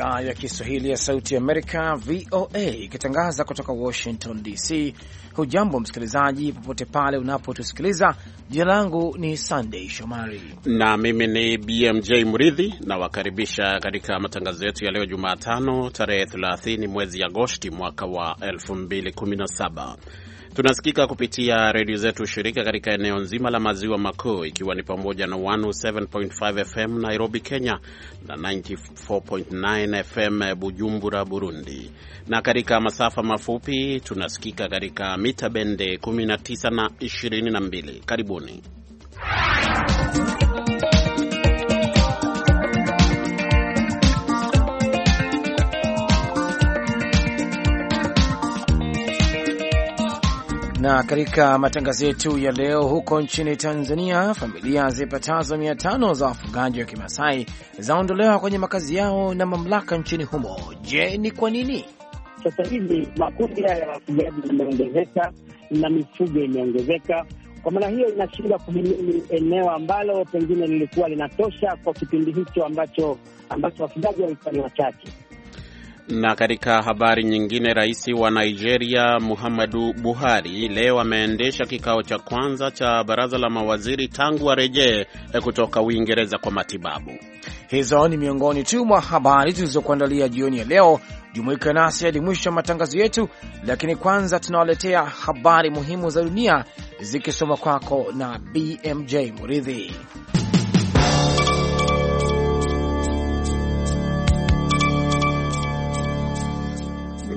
idhaa ya Kiswahili ya Sauti Amerika, VOA, ikitangaza kutoka Washington DC. Hujambo msikilizaji, popote pale unapotusikiliza. Jina langu ni Sandei Shomari na mimi ni BMJ Mridhi, nawakaribisha katika matangazo yetu ya leo Jumatano, tarehe 30 mwezi Agosti mwaka wa 2017. Tunasikika kupitia redio zetu shirika katika eneo nzima la maziwa makuu ikiwa ni pamoja na 107.5 FM Nairobi, Kenya na 94.9 FM Bujumbura, Burundi, na katika masafa mafupi tunasikika katika mita bende 19 na 22. Karibuni. Na katika matangazo yetu ya leo, huko nchini Tanzania, familia zipatazo mia tano za wafugaji wa Kimasai zaondolewa kwenye makazi yao na mamlaka nchini humo. Je, ni kwa nini? Sasa hivi makundi haya ya wafugaji yameongezeka na mifugo imeongezeka. Kwa maana hiyo, inashindwa kuhimili eneo ambalo pengine lilikuwa linatosha kwa kipindi hicho ambacho ambacho wafugaji walikuwa ni wachache. Na katika habari nyingine, rais wa Nigeria Muhammadu Buhari leo ameendesha kikao cha kwanza cha baraza la mawaziri tangu arejee eh, kutoka Uingereza kwa matibabu. Hizo ni miongoni tu mwa habari tulizokuandalia jioni ya leo. Jumuika nasi hadi mwisho wa matangazo yetu, lakini kwanza tunawaletea habari muhimu za dunia zikisoma kwako na BMJ Muridhi.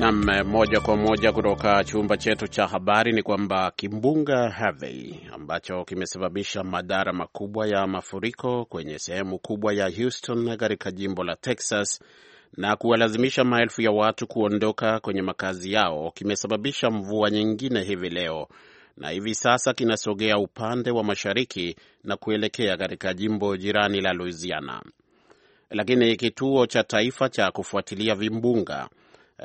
Nam, moja kwa moja kutoka chumba chetu cha habari ni kwamba kimbunga Harvey ambacho kimesababisha madhara makubwa ya mafuriko kwenye sehemu kubwa ya Houston katika jimbo la Texas na kuwalazimisha maelfu ya watu kuondoka kwenye makazi yao kimesababisha mvua nyingine hivi leo na hivi sasa kinasogea upande wa mashariki na kuelekea katika jimbo jirani la Louisiana, lakini kituo cha taifa cha kufuatilia vimbunga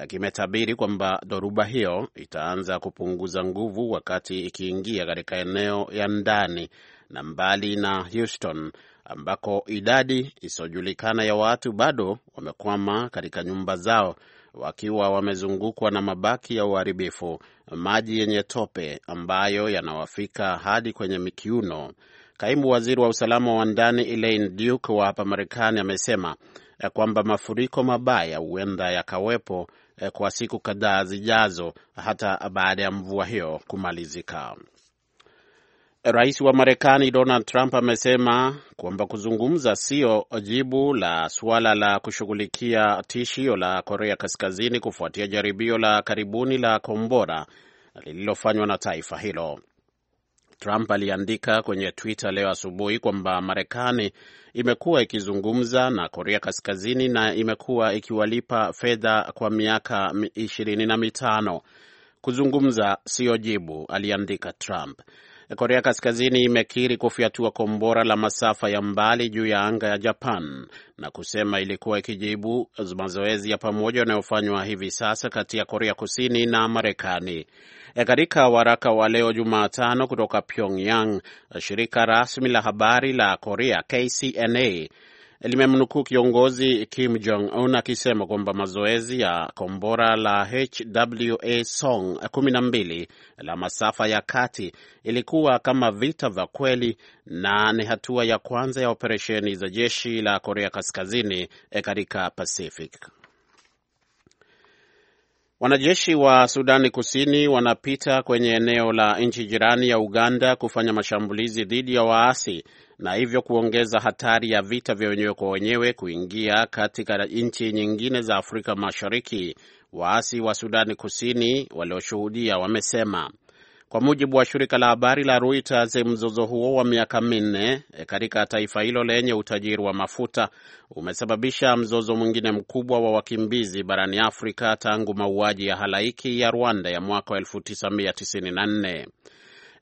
Eh, kimetabiri kwamba dhoruba hiyo itaanza kupunguza nguvu wakati ikiingia katika eneo ya ndani na mbali na Houston ambako idadi isiyojulikana ya watu bado wamekwama katika nyumba zao wakiwa wamezungukwa na mabaki ya uharibifu, maji yenye tope ambayo yanawafika hadi kwenye mikiuno. Kaimu waziri wa usalama wa ndani Elaine Duke wa hapa Marekani amesema eh, kwamba mafuriko mabaya huenda yakawepo Eh, kwa siku kadhaa zijazo hata baada ya mvua hiyo kumalizika. Rais wa Marekani Donald Trump amesema kwamba kuzungumza sio jibu la suala la kushughulikia tishio la Korea Kaskazini kufuatia jaribio la karibuni la kombora lililofanywa na taifa hilo. Trump aliandika kwenye Twitter leo asubuhi kwamba Marekani imekuwa ikizungumza na Korea Kaskazini na imekuwa ikiwalipa fedha kwa miaka ishirini na mitano. Kuzungumza siyo jibu, aliandika Trump. Korea Kaskazini imekiri kufyatua kombora la masafa ya mbali juu ya anga ya Japan na kusema ilikuwa ikijibu mazoezi ya pamoja yanayofanywa hivi sasa kati ya Korea Kusini na Marekani. E, katika waraka wa leo Jumatano kutoka Pyongyang, shirika rasmi la habari la Korea KCNA limemnukuu kiongozi Kim Jong Un akisema kwamba mazoezi ya kombora la HWA Song 12 la masafa ya kati ilikuwa kama vita vya kweli na ni hatua ya kwanza ya operesheni za jeshi la Korea Kaskazini eh, katika Pacific. Wanajeshi wa Sudani Kusini wanapita kwenye eneo la nchi jirani ya Uganda kufanya mashambulizi dhidi ya waasi na hivyo kuongeza hatari ya vita vya wenyewe kwa wenyewe kuingia katika nchi nyingine za Afrika Mashariki, waasi wa Sudani Kusini walioshuhudia wamesema. Kwa mujibu wa shirika la habari la Reuters, mzozo huo wa miaka minne eh, katika taifa hilo lenye utajiri wa mafuta umesababisha mzozo mwingine mkubwa wa wakimbizi barani Afrika tangu mauaji ya halaiki ya Rwanda ya mwaka 1994.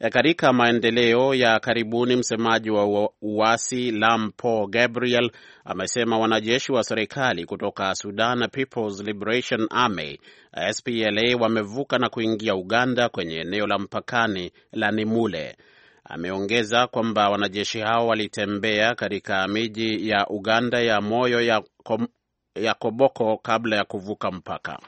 Eh, katika maendeleo ya karibuni, msemaji wa uasi Lam Gabriel amesema wanajeshi wa serikali kutoka Sudan People's Liberation Army eh, SPLA wamevuka na kuingia Uganda kwenye eneo la mpakani la Nimule. Ameongeza kwamba wanajeshi hao walitembea katika miji ya Uganda ya Moyo ya, Kom, ya Koboko kabla ya kuvuka mpaka.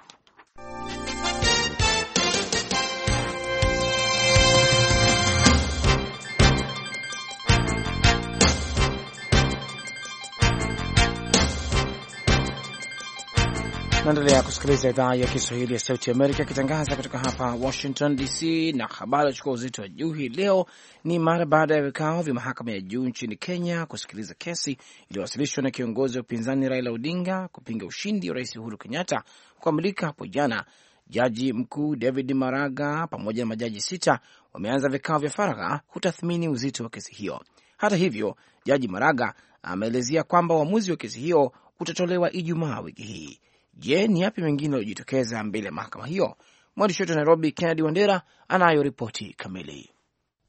Naendelea kusikiliza idhaa ya Kiswahili ya Sauti Amerika ikitangaza kutoka hapa Washington DC. Na habari achukua uzito wa juu hii leo ni mara baada ya vikao vya mahakama ya juu nchini Kenya kusikiliza kesi iliyowasilishwa na kiongozi wa upinzani Raila Odinga kupinga ushindi wa Rais Uhuru Kenyatta kukamilika hapo jana. Jaji mkuu David Maraga pamoja na majaji sita wameanza vikao vya faragha kutathmini uzito wa kesi hiyo. Hata hivyo, Jaji Maraga ameelezea kwamba uamuzi wa kesi hiyo utatolewa Ijumaa wiki hii. Je, ni yapi mengine yaliyojitokeza mbele ya mahakama hiyo? Mwandishi wetu wa Nairobi, Kennedy Wandera, anayo ripoti kamili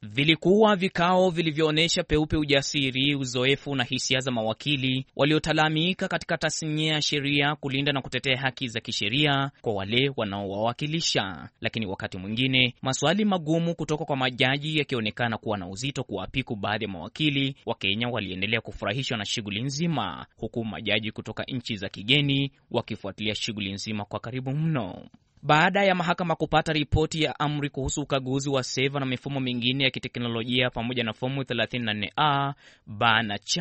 vilikuwa vikao vilivyoonyesha peupe ujasiri, uzoefu na hisia za mawakili waliotalamika katika tasnia ya sheria kulinda na kutetea haki za kisheria kwa wale wanaowawakilisha. Lakini wakati mwingine maswali magumu kutoka kwa majaji yakionekana kuwa na uzito kuwapiku baadhi ya mawakili wa Kenya waliendelea kufurahishwa na shughuli nzima, huku majaji kutoka nchi za kigeni wakifuatilia shughuli nzima kwa karibu mno. Baada ya mahakama kupata ripoti ya amri kuhusu ukaguzi wa seva na mifumo mingine ya kiteknolojia pamoja na fomu 34A b na ch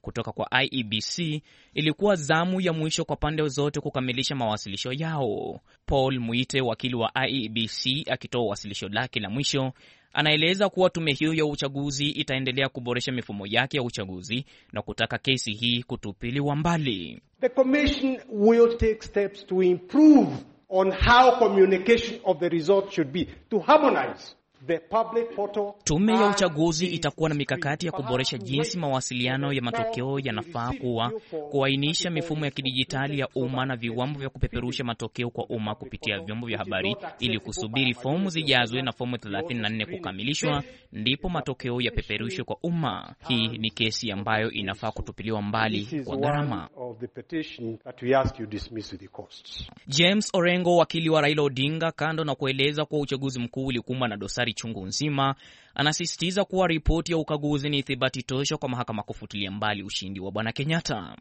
kutoka kwa IEBC, ilikuwa zamu ya mwisho kwa pande zote kukamilisha mawasilisho yao. Paul Mwite, wakili wa IEBC, akitoa wasilisho lake la mwisho, anaeleza kuwa tume hiyo ya uchaguzi itaendelea kuboresha mifumo yake ya uchaguzi na kutaka kesi hii kutupiliwa mbali. The commission will take steps to improve on how communication of the result should be to harmonize Tume ya uchaguzi itakuwa na mikakati ya kuboresha jinsi mawasiliano ya matokeo yanafaa kuwa, kuainisha mifumo ya kidijitali ya umma na viwambo vya kupeperusha matokeo kwa umma kupitia vyombo vya habari, ili kusubiri fomu zijazwe na fomu 34 kukamilishwa, ndipo matokeo yapeperushwe kwa umma. Hii ni kesi ambayo inafaa kutupiliwa mbali kwa gharama. James Orengo, wakili wa Raila Odinga, kando na kueleza kuwa uchaguzi mkuu ulikumbwa na dosari habari chungu nzima anasisitiza kuwa ripoti ya ukaguzi ni ithibati tosha kwa mahakama kufutilia mbali ushindi wa bwana Kenyatta.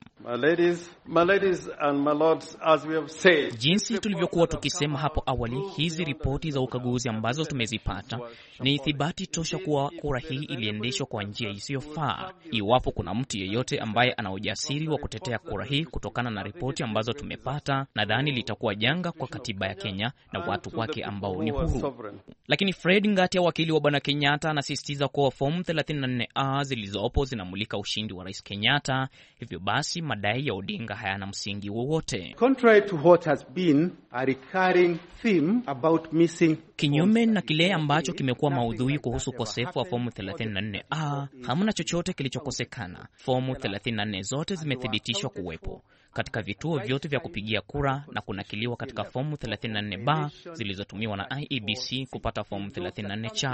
Jinsi tulivyokuwa tukisema hapo awali, hizi ripoti za ukaguzi ambazo tumezipata ni ithibati tosha kuwa kura hii iliendeshwa kwa njia isiyofaa. Iwapo kuna mtu yeyote ambaye ana ujasiri wa kutetea kura hii kutokana na ripoti ambazo tumepata, nadhani litakuwa janga kwa katiba ya Kenya na watu wake ambao ni huru. Lakini Fred Ngatia, wakili wa bwana Kenyatta Kenyatta anasisitiza kuwa fomu 34A zilizopo zinamulika ushindi wa Rais Kenyatta, hivyo basi madai ya Odinga hayana msingi wowote. Kinyume na kile ambacho kimekuwa maudhui kuhusu ukosefu wa fomu 34A, hamna chochote kilichokosekana. Fomu 34 zote zimethibitishwa kuwepo katika vituo vyote vya kupigia kura na kunakiliwa katika fomu 34 b zilizotumiwa na IEBC kupata fomu 34 c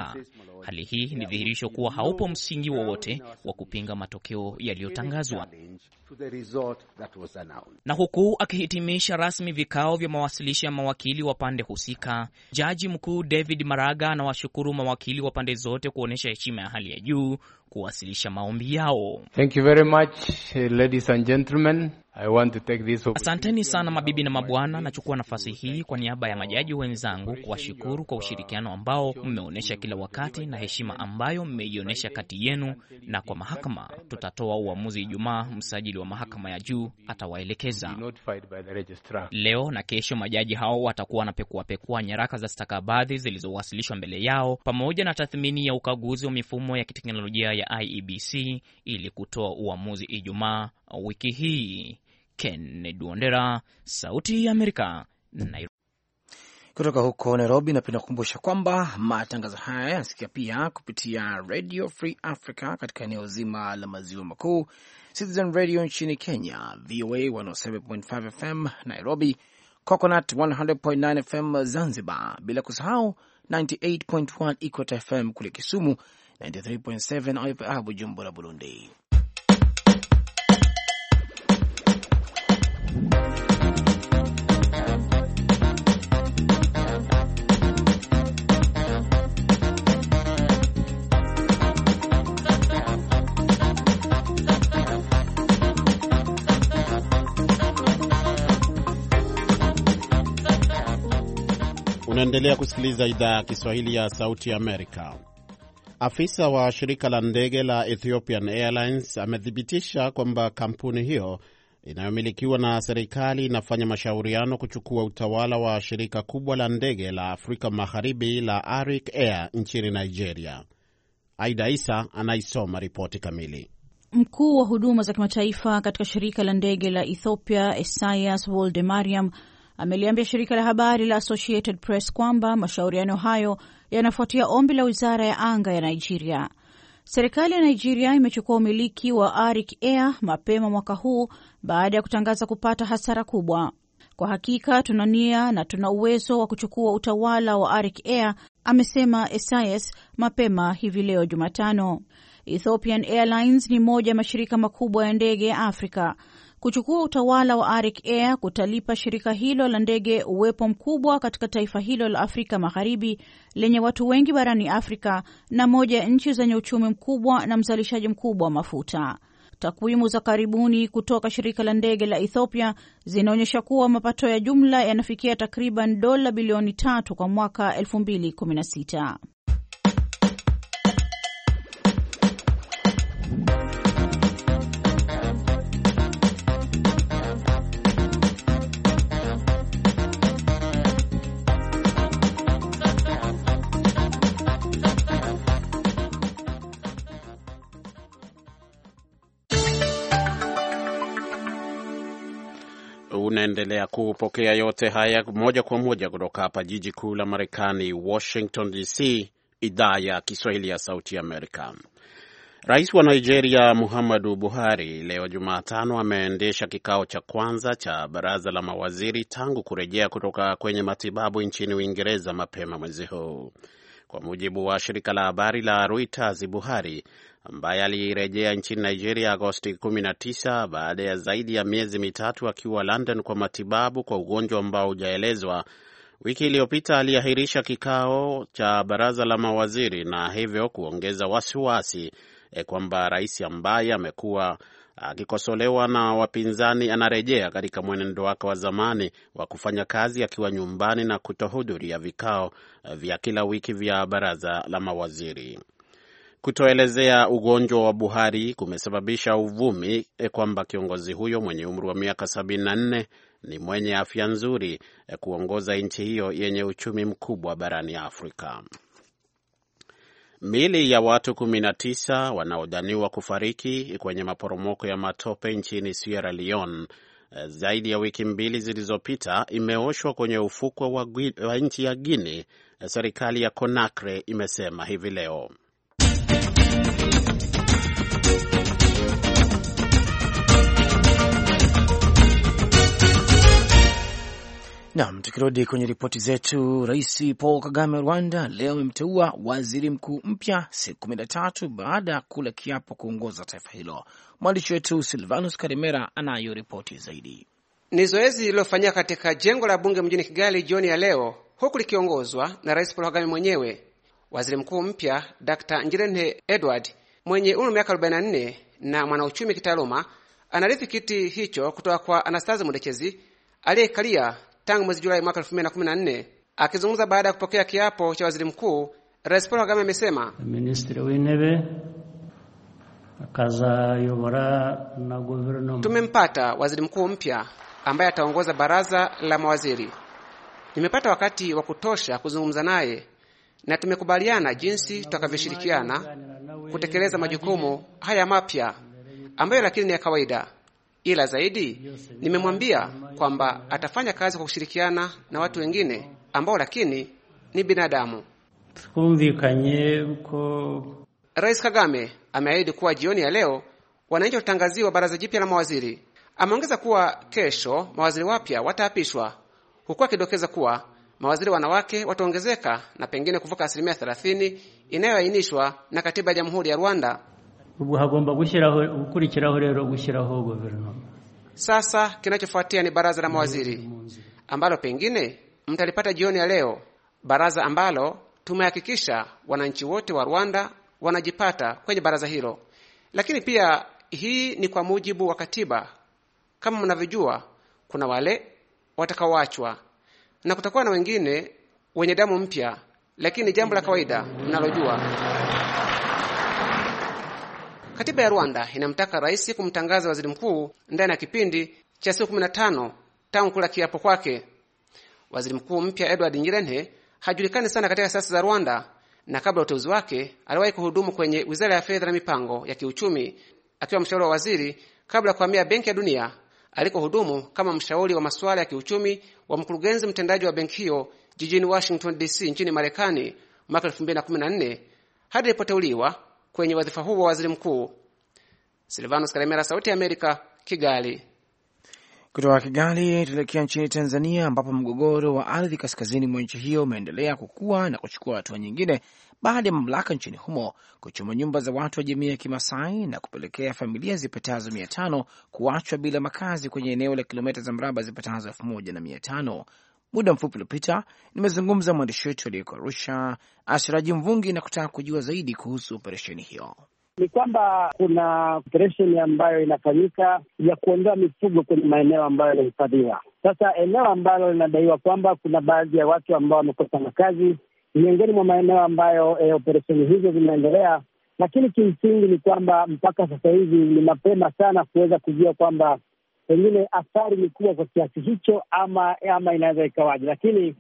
Hali hii ni dhihirisho kuwa haupo msingi wowote wa, wa kupinga matokeo yaliyotangazwa. Na huku akihitimisha rasmi vikao vya mawasilisho ya mawakili wa pande husika, jaji mkuu David Maraga anawashukuru mawakili wa pande zote kuonyesha heshima ya hali ya juu kuwasilisha maombi yao. Thank you very much, eh, ladies and gentlemen. I want to take this... Asanteni sana mabibi na mabwana, nachukua nafasi hii kwa niaba ya majaji wenzangu kuwashukuru kwa ushirikiano ambao mmeonyesha kila wakati na heshima ambayo mmeionyesha kati yenu na kwa mahakama. Tutatoa uamuzi Ijumaa, msajili wa mahakama ya juu atawaelekeza. Leo na kesho majaji hao watakuwa wanapekuapekua nyaraka za stakabadhi zilizowasilishwa mbele yao pamoja na tathmini ya ukaguzi wa mifumo ya kiteknolojia ya ya IEBC ili kutoa uamuzi Ijumaa wiki hii. Kennedy Wandera, Sauti ya Amerika, Nairobi. Kutoka huko Nairobi, napenda kukumbusha kwamba matangazo haya yanasikia pia kupitia Radio Free Africa katika eneo zima la maziwa makuu, Citizen Radio nchini Kenya, VOA 107.5 FM Nairobi, Coconut 100.9 FM Zanzibar, bila kusahau 98.1 Equator FM kule Kisumu 93.7 RFA Bujumbura, Burundi. Unaendelea kusikiliza idhaa ya Kiswahili ya Sauti ya Amerika. Afisa wa shirika la ndege la Ethiopian Airlines amethibitisha kwamba kampuni hiyo inayomilikiwa na serikali inafanya mashauriano kuchukua utawala wa shirika kubwa la ndege la Afrika Magharibi la Arik Air nchini Nigeria. Aida Isa anaisoma ripoti kamili. Mkuu wa huduma za kimataifa katika shirika la ndege la Ethiopia esaias Woldemariam ameliambia shirika la habari la Associated Press kwamba mashauriano hayo yanafuatia ombi la wizara ya anga ya Nigeria. Serikali ya Nigeria imechukua umiliki wa Arik Air mapema mwaka huu baada ya kutangaza kupata hasara kubwa. Kwa hakika tuna nia na tuna uwezo wa kuchukua utawala wa Arik Air, amesema esaias mapema hivi leo Jumatano. Ethiopian Airlines ni moja ya mashirika makubwa ya ndege ya Afrika. Kuchukua utawala wa Arik Air kutalipa shirika hilo la ndege uwepo mkubwa katika taifa hilo la Afrika Magharibi lenye watu wengi barani Afrika na moja ya nchi zenye uchumi mkubwa na mzalishaji mkubwa wa mafuta. Takwimu za karibuni kutoka shirika la ndege la Ethiopia zinaonyesha kuwa mapato ya jumla yanafikia takriban dola bilioni tatu kwa mwaka 2016. Mnaendelea kupokea yote haya moja kwa moja kutoka hapa jiji kuu la Marekani, Washington DC, idhaa ya Kiswahili ya Sauti Amerika. Rais wa Nigeria Muhammadu Buhari leo Jumatano ameendesha kikao cha kwanza cha baraza la mawaziri tangu kurejea kutoka kwenye matibabu nchini Uingereza mapema mwezi huu. Kwa mujibu wa shirika la habari la Reuters, Buhari ambaye alirejea nchini Nigeria Agosti 19 baada ya zaidi ya miezi mitatu akiwa London kwa matibabu kwa ugonjwa ambao hujaelezwa. Wiki iliyopita aliahirisha kikao cha baraza la mawaziri na hivyo kuongeza wasiwasi e, kwamba rais ambaye amekuwa akikosolewa na wapinzani anarejea katika mwenendo wake wa zamani wa kufanya kazi akiwa nyumbani na kutohudhuria vikao e, vya kila wiki vya baraza la mawaziri kutoelezea ugonjwa wa Buhari kumesababisha uvumi eh, kwamba kiongozi huyo mwenye umri wa miaka 74 ni mwenye afya nzuri eh, kuongoza nchi hiyo yenye uchumi mkubwa barani Afrika. Miili ya watu 19 wanaodhaniwa kufariki kwenye maporomoko ya matope nchini Sierra Leone eh, zaidi ya wiki mbili zilizopita imeoshwa kwenye ufukwe wa, wa nchi ya Guinea, serikali ya Conakry imesema hivi leo. Nam, tukirudi kwenye ripoti zetu, Rais Paul Kagame Rwanda leo amemteua waziri mkuu mpya siku kumi na tatu baada ya kula kiapo kuongoza taifa hilo. Mwandishi wetu Silvanus Karimera anayo ripoti zaidi. Ni zoezi lililofanyika katika jengo la bunge mjini Kigali jioni ya leo, huku likiongozwa na Rais Paul Kagame mwenyewe. Waziri mkuu mpya Dr Njirente Edward mwenye umri wa miaka 44 na mwanauchumi kitaaluma anarithi kiti hicho kutoka kwa Anastasi Mudekezi aliyekalia tangu mwezi Julai mwaka 2014. Akizungumza baada ya kupokea kiapo cha waziri mkuu, Rais Paul Kagame amesema tumempata waziri mkuu mpya ambaye ataongoza baraza la mawaziri. Nimepata wakati wa kutosha kuzungumza naye na tumekubaliana jinsi tutakavyoshirikiana kutekeleza majukumu haya mapya ambayo lakini ni ya kawaida ila zaidi nimemwambia kwamba atafanya kazi kwa kushirikiana na watu wengine ambao lakini ni binadamu. Rais Kagame ameahidi kuwa jioni ya leo wananchi watangaziwa baraza jipya la mawaziri. Ameongeza kuwa kesho mawaziri wapya wataapishwa, huku akidokeza kuwa mawaziri wanawake wataongezeka na pengine kuvuka asilimia 30 inayoainishwa na katiba ya Jamhuri ya Rwanda ubu hagomba gushyiraho gukurikiraho rero gushyiraho guverinoma sasa kinachofuatia ni baraza la mawaziri ambalo pengine mtalipata jioni ya leo baraza ambalo tumehakikisha wananchi wote wa Rwanda wanajipata kwenye baraza hilo lakini pia hii ni kwa mujibu wa katiba kama mnavyojua kuna wale watakaoachwa na kutakuwa na wengine wenye damu mpya lakini jambo la kawaida mnalojua Katiba ya Rwanda inamtaka rais kumtangaza waziri mkuu ndani ya kipindi cha siku 15 tangu kula kiapo kwake. Waziri mkuu mpya Edward Ngirente hajulikani sana katika siasa za Rwanda, na kabla ya uteuzi wake aliwahi kuhudumu kwenye wizara ya fedha na mipango ya kiuchumi akiwa mshauri wa waziri kabla ya kuhamia Benki ya Dunia alikohudumu kama mshauri wa masuala ya kiuchumi wa mkurugenzi mtendaji wa benki hiyo jijini Washington DC nchini Marekani mwaka 2014 hadi alipoteuliwa kwenye wadhifa huo wa waziri mkuu. Silvanus Karemera, Sauti ya Amerika, Kigali. Kutoka Kigali tuelekea nchini Tanzania, ambapo mgogoro wa ardhi kaskazini mwa nchi hiyo umeendelea kukua na kuchukua hatua nyingine baada ya mamlaka nchini humo kuchoma nyumba za watu wa jamii ya Kimasai na kupelekea familia zipatazo mia tano kuachwa bila makazi kwenye eneo la kilomita za mraba zipatazo elfu moja na mia tano Muda mfupi uliopita nimezungumza mwandishi wetu aliyeko Arusha, Asiraji Mvungi, na kutaka kujua zaidi kuhusu operesheni hiyo. Ni kwamba kuna operesheni ambayo inafanyika ya kuondoa mifugo kwenye maeneo ambayo yanahifadhiwa. Sasa eneo ambalo linadaiwa kwamba kuna baadhi ya watu ambao wamekosa makazi miongoni mwa maeneo ambayo e, operesheni hizo zinaendelea, lakini kimsingi ni kwamba mpaka sasa hivi ni mapema sana kuweza kujua kwamba pengine athari ni kubwa kwa kiasi hicho, ama ama inaweza ikawaje. Lakini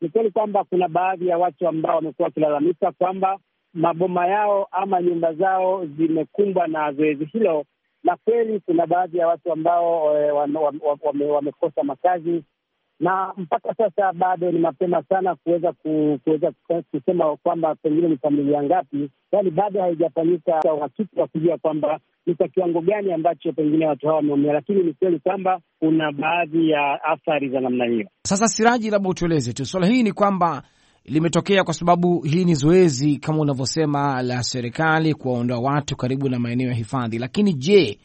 ni kweli kwamba kuna baadhi ya watu ambao wamekuwa wakilalamika kwamba maboma yao ama nyumba zao zimekumbwa na zoezi hilo, na kweli kuna baadhi ya watu ambao e, wamekosa wame, wame makazi na mpaka sasa bado ni mapema sana kuweza kuweza kusema kwamba pengine ni familia ngapi, yaani bado haijafanyika uhakiki wa kujua kwamba ni kwa kiwango gani ambacho pengine watu hawa wameumia, lakini ni kweli kwamba kuna baadhi ya athari za namna hiyo. Sasa Siraji, labda utueleze tu swala hii ni kwamba limetokea kwa sababu hii ni zoezi kama unavyosema la serikali kuwaondoa watu karibu na maeneo ya hifadhi, lakini je,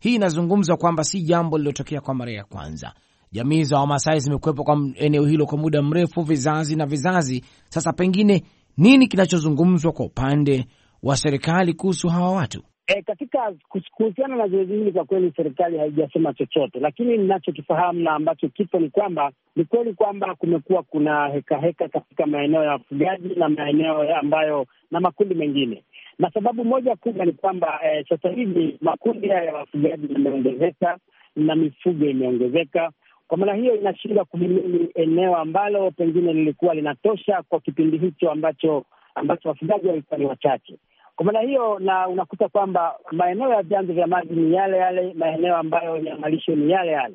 hii inazungumza kwamba si jambo lililotokea kwa mara ya kwanza. Jamii za Wamasai zimekuwepo kwa eneo hilo kwa muda mrefu, vizazi na vizazi. Sasa pengine nini kinachozungumzwa kwa upande wa serikali kuhusu hawa watu? E, katika kuhusiana na zoezi hili kwa kweli serikali haijasema chochote, lakini ninachokifahamu na ambacho kipo ni kwamba ni kweli kwamba kumekuwa kuna hekaheka heka katika maeneo ya wafugaji na maeneo ambayo na makundi mengine, na sababu moja kubwa ni kwamba e, sasa hivi makundi haya ya wafugaji yameongezeka na mifugo imeongezeka. Kwa maana hiyo inashindwa kuhimili eneo ambalo pengine lilikuwa linatosha kwa kipindi hicho ambacho ambacho wafugaji walikuwa ni wachache kwa maana hiyo, na unakuta kwamba maeneo ya vyanzo vya maji ni yale yale, maeneo ambayo ya malisho ni yale yale.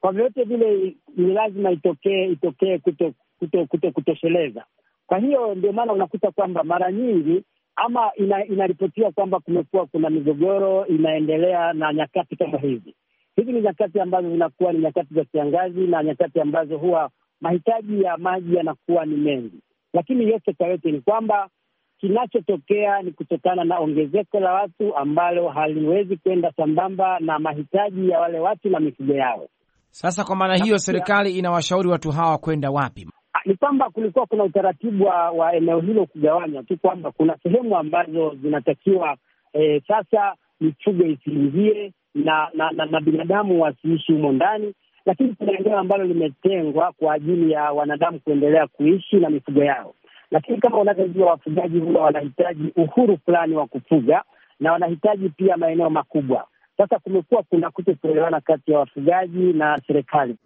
Kwa vyote vile ni lazima itokee itokee kuto kuto kuto kutosheleza. Kwa hiyo ndio maana unakuta kwamba mara nyingi ama ina, inaripotiwa kwamba kumekuwa kuna migogoro inaendelea na nyakati kama hizi. Hizi ni nyakati ambazo zinakuwa ni nyakati za kiangazi na nyakati ambazo huwa mahitaji ya maji yanakuwa ni mengi, lakini yote kwa yote ni kwamba kinachotokea ni kutokana na ongezeko la watu ambalo haliwezi kwenda sambamba na mahitaji ya wale watu na mifugo yao. Sasa kwa maana hiyo, serikali inawashauri watu hawa kwenda wapi? Ah, ni kwamba kulikuwa kuna utaratibu wa, wa eneo hilo kugawanywa tu, kwamba kuna sehemu ambazo zinatakiwa e, sasa mifugo isiingie na na, na, na binadamu wasiishi humo ndani, lakini kuna eneo ambalo limetengwa kwa ajili ya wanadamu kuendelea kuishi na mifugo yao. Lakini kama unavyojua, wafugaji huwa wanahitaji uhuru fulani wa kufuga na wanahitaji pia maeneo makubwa. Sasa kumekuwa kuna kutokuelewana kati ya wafugaji na serikali.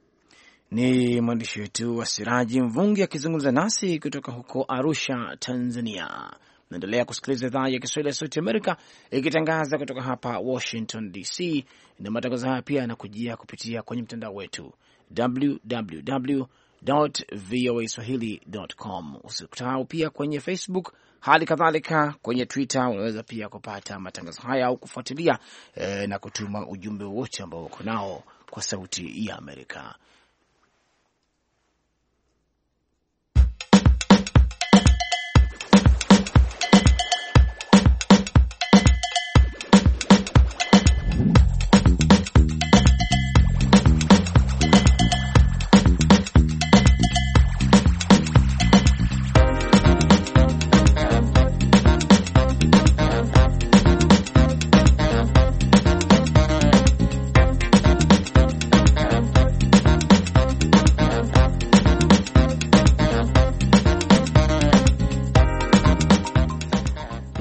Ni mwandishi wetu wa Siraji Mvungi akizungumza nasi kutoka huko Arusha, Tanzania. Naendelea kusikiliza idhaa ya Kiswahili ya Sauti Amerika ikitangaza kutoka hapa Washington DC, na matangazo haya pia yanakujia kupitia kwenye mtandao wetu www voa swahili.com. Usikutao pia kwenye Facebook, hali kadhalika kwenye Twitter unaweza pia kupata matangazo haya au kufuatilia e, na kutuma ujumbe wowote ambao uko nao kwa Sauti ya Amerika.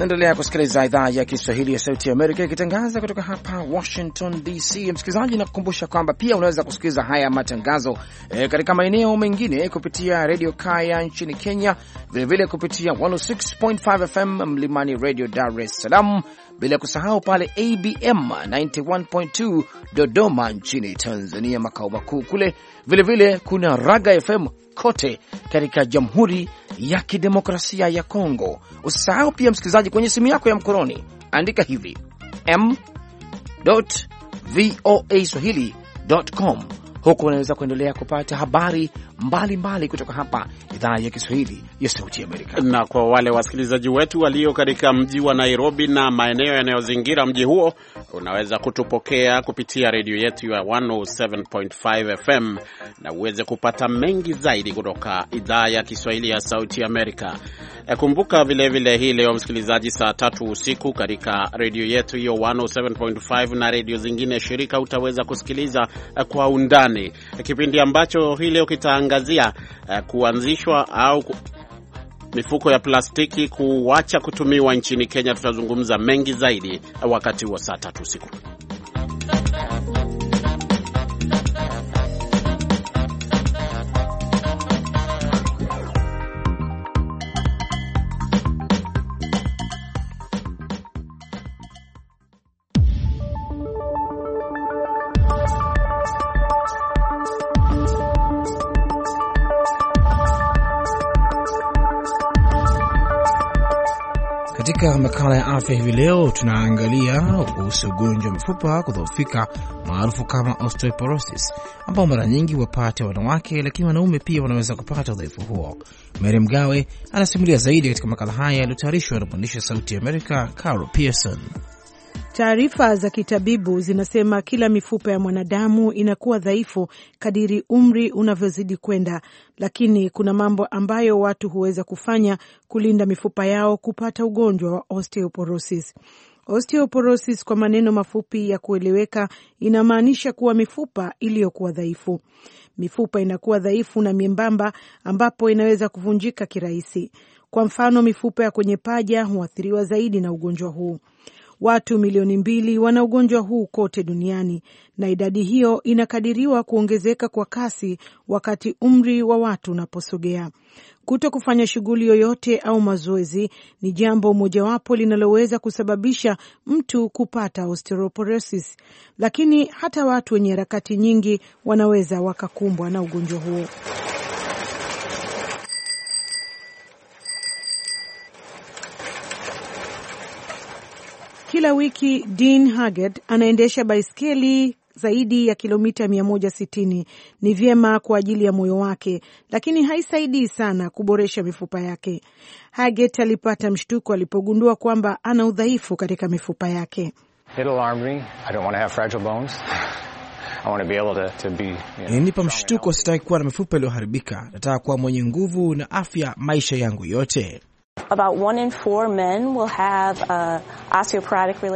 Endelea kusikiliza idhaa ya Kiswahili ya Sauti ya Amerika ikitangaza kutoka hapa Washington DC. Msikilizaji, na kukumbusha kwamba pia unaweza kusikiliza haya matangazo e, katika maeneo mengine kupitia Redio Kaya nchini Kenya, vilevile kupitia 106.5 FM Mlimani Radio Dar es Salaam, bila kusahau pale ABM 91.2 Dodoma nchini Tanzania, makao makuu kule. Vilevile kuna Raga FM kote katika Jamhuri ya Kidemokrasia ya Kongo. Usisahau pia msikilizaji, kwenye simu yako ya mkononi andika hivi m voa swahili huku unaweza kuendelea kupata habari mbalimbali mbali kutoka hapa idhaa ya Kiswahili ya Sauti Amerika. Na kwa wale wasikilizaji wetu walio katika mji wa Nairobi na maeneo yanayozingira mji huo, unaweza kutupokea kupitia redio yetu ya 107.5 FM na uweze kupata mengi zaidi kutoka idhaa ya Kiswahili ya Sauti Amerika. E, kumbuka vilevile hii leo msikilizaji, saa tatu usiku katika redio yetu hiyo 107.5 na redio zingine shirika utaweza kusikiliza e, kwa undani Undani, kipindi ambacho hii leo kitaangazia uh, kuanzishwa au ku... mifuko ya plastiki kuacha kutumiwa nchini Kenya. Tutazungumza mengi zaidi wakati wa saa tatu usiku. makala ya afya hivi leo tunaangalia kuhusu ugonjwa wa mifupa kudhoofika maarufu kama osteoporosis, ambao mara nyingi wapate wanawake, lakini wanaume pia wanaweza kupata udhaifu huo. Mary Mgawe anasimulia zaidi katika makala haya yaliyotayarishwa na mwandishi wa Sauti ya Amerika Carol Pearson. Taarifa za kitabibu zinasema kila mifupa ya mwanadamu inakuwa dhaifu kadiri umri unavyozidi kwenda, lakini kuna mambo ambayo watu huweza kufanya kulinda mifupa yao kupata ugonjwa wa osteoporosis. Osteoporosis kwa maneno mafupi ya kueleweka, inamaanisha kuwa mifupa iliyokuwa dhaifu. Mifupa inakuwa dhaifu na miembamba, ambapo inaweza kuvunjika kirahisi. Kwa mfano, mifupa ya kwenye paja huathiriwa zaidi na ugonjwa huu. Watu milioni mbili wana ugonjwa huu kote duniani na idadi hiyo inakadiriwa kuongezeka kwa kasi wakati umri wa watu unaposogea. Kuto kufanya shughuli yoyote au mazoezi ni jambo mojawapo linaloweza kusababisha mtu kupata osteoporosis, lakini hata watu wenye harakati nyingi wanaweza wakakumbwa na ugonjwa huo. Kila wiki Dean Haggard anaendesha baiskeli zaidi ya kilomita 160. Ni vyema kwa ajili ya moyo wake, lakini haisaidii sana kuboresha mifupa yake. Haget alipata mshtuko alipogundua kwamba ana udhaifu katika mifupa yake. Ilinipa mshtuko, sitaki kuwa na mifupa iliyoharibika. Nataka kuwa mwenye nguvu na afya maisha yangu yote. Uh,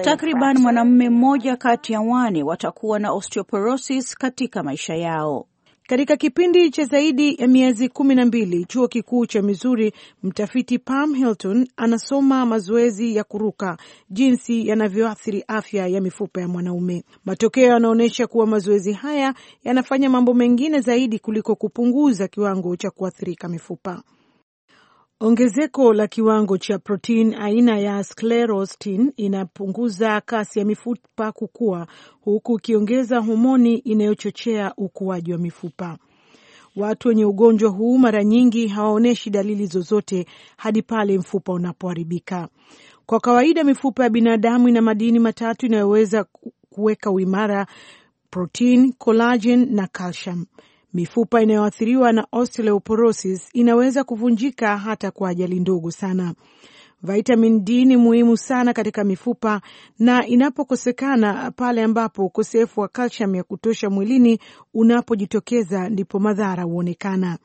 Takriban mwanamume mmoja kati ya wane watakuwa na osteoporosis katika maisha yao. Katika kipindi cha zaidi ya miezi kumi na mbili, chuo kikuu cha mizuri mtafiti Pam Hilton anasoma mazoezi ya kuruka jinsi yanavyoathiri afya ya mifupa ya mwanaume. Matokeo yanaonyesha kuwa mazoezi haya yanafanya mambo mengine zaidi kuliko kupunguza kiwango cha kuathirika mifupa. Ongezeko la kiwango cha protein aina ya sclerostin inapunguza kasi ya mifupa kukua huku ikiongeza homoni inayochochea ukuaji wa mifupa. Watu wenye ugonjwa huu mara nyingi hawaonyeshi dalili zozote hadi pale mfupa unapoharibika. Kwa kawaida, mifupa ya binadamu ina madini matatu inayoweza kuweka uimara: protein, collagen na calcium. Mifupa inayoathiriwa na osteoporosis inaweza kuvunjika hata kwa ajali ndogo sana. Vitamin D ni muhimu sana katika mifupa na inapokosekana, pale ambapo ukosefu wa calcium ya kutosha mwilini unapojitokeza, ndipo madhara huonekana.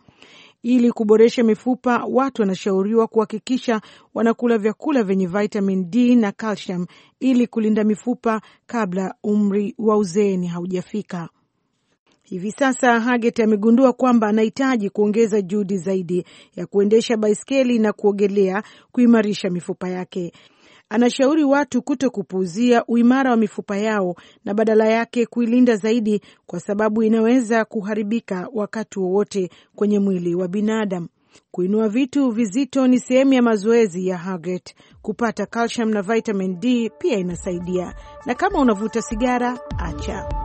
Ili kuboresha mifupa, watu wanashauriwa kuhakikisha wanakula vyakula vyenye vitamin D na calcium ili kulinda mifupa kabla umri wa uzeeni haujafika. Hivi sasa Haget amegundua kwamba anahitaji kuongeza juhudi zaidi ya kuendesha baiskeli na kuogelea kuimarisha mifupa yake. Anashauri watu kuto kupuuzia uimara wa mifupa yao na badala yake kuilinda zaidi, kwa sababu inaweza kuharibika wakati wowote kwenye mwili wa binadamu. Kuinua vitu vizito ni sehemu ya mazoezi ya Haget. Kupata calcium na vitamin D pia inasaidia, na kama unavuta sigara, acha.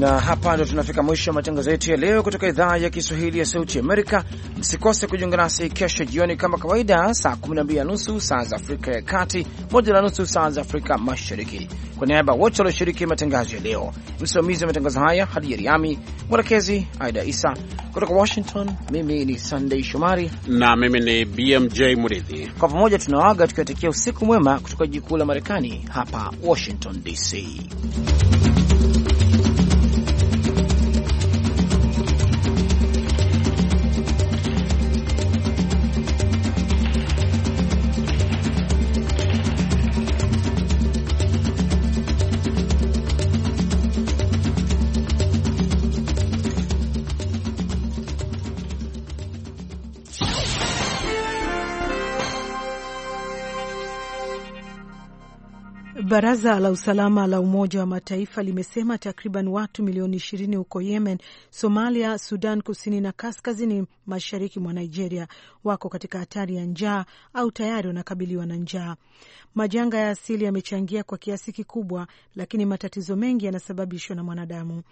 Na hapa ndo tunafika mwisho wa matangazo yetu ya leo kutoka idhaa ya Kiswahili ya Sauti Amerika. Msikose kujiunga nasi kesho jioni kama kawaida, saa 12 na nusu saa za Afrika ya Kati, moja na nusu saa za Afrika Mashariki. Kwa niaba wote walioshiriki matangazo ya leo, msimamizi wa matangazo haya Hadi Yeriami, mwelekezi Aida Isa kutoka Washington, mimi ni Sandei Shomari na mimi ni BMJ Muridhi. Kwa pamoja tunawaaga tukiwatakia usiku mwema kutoka jikuu la Marekani hapa Washington DC. Baraza la usalama la Umoja wa Mataifa limesema takriban watu milioni ishirini huko Yemen, Somalia, Sudan Kusini na kaskazini mashariki mwa Nigeria wako katika hatari ya njaa au tayari wanakabiliwa na njaa. Majanga ya asili yamechangia kwa kiasi kikubwa, lakini matatizo mengi yanasababishwa na mwanadamu.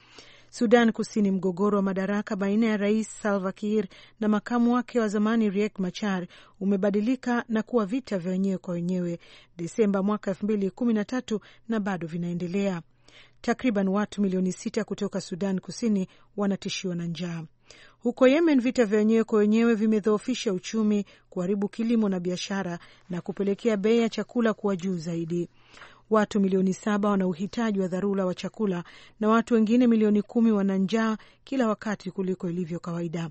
Sudan Kusini, mgogoro wa madaraka baina ya Rais Salva Kiir na makamu wake wa zamani Riek Machar umebadilika na kuwa vita vya wenyewe kwa wenyewe Desemba mwaka elfu mbili kumi na tatu na bado vinaendelea. Takriban watu milioni sita kutoka Sudan Kusini wanatishiwa na njaa. Huko Yemen, vita vya wenyewe kwa wenyewe vimedhoofisha uchumi, kuharibu kilimo na biashara na kupelekea bei ya chakula kuwa juu zaidi watu milioni saba wana uhitaji wa dharura wa chakula na watu wengine milioni kumi wana njaa kila wakati kuliko ilivyo kawaida.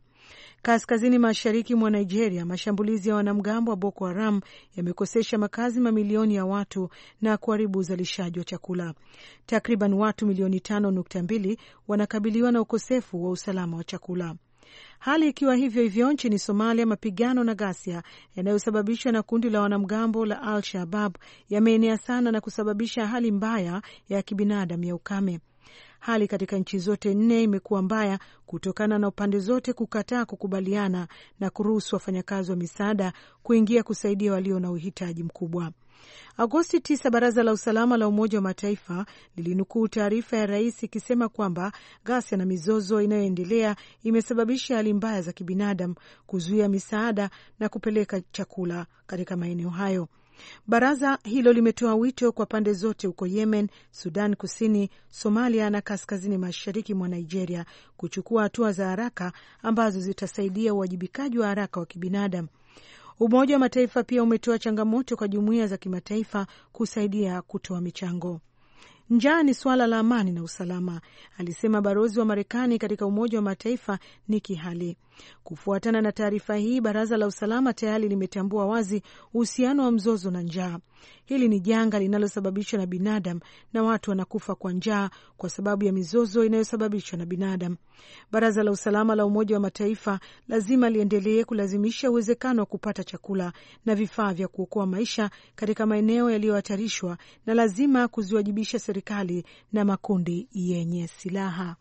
Kaskazini mashariki mwa Nigeria, mashambulizi ya wanamgambo wa Boko Haram yamekosesha makazi mamilioni ya watu na kuharibu uzalishaji wa chakula. Takriban watu milioni tano nukta mbili wanakabiliwa na ukosefu wa usalama wa chakula. Hali ikiwa hivyo hivyo nchini Somalia, mapigano na ghasia yanayosababishwa na kundi la wanamgambo la Al Shabab yameenea sana na kusababisha hali mbaya ya kibinadamu ya ukame. Hali katika nchi zote nne imekuwa mbaya kutokana na upande zote kukataa kukubaliana na kuruhusu wafanyakazi wa misaada kuingia kusaidia walio na uhitaji mkubwa. Agosti 9 baraza la usalama la Umoja wa Mataifa lilinukuu taarifa ya rais ikisema kwamba ghasia na mizozo inayoendelea imesababisha hali mbaya za kibinadamu, kuzuia misaada na kupeleka chakula katika maeneo hayo. Baraza hilo limetoa wito kwa pande zote huko Yemen, Sudan Kusini, Somalia na kaskazini mashariki mwa Nigeria kuchukua hatua za haraka ambazo zitasaidia uwajibikaji wa haraka wa kibinadamu Umoja wa Mataifa pia umetoa changamoto kwa jumuiya za kimataifa kusaidia kutoa michango. Njaa ni suala la amani na usalama, alisema balozi wa Marekani katika Umoja wa Mataifa Nikki Haley. Kufuatana na taarifa hii, baraza la usalama tayari limetambua wazi uhusiano wa mzozo na njaa. Hili ni janga linalosababishwa na binadamu na watu wanakufa kwa njaa kwa sababu ya mizozo inayosababishwa na binadamu. Baraza la usalama la Umoja wa Mataifa lazima liendelee kulazimisha uwezekano wa kupata chakula na vifaa vya kuokoa maisha katika maeneo yaliyohatarishwa na lazima kuziwajibisha serikali na makundi yenye silaha.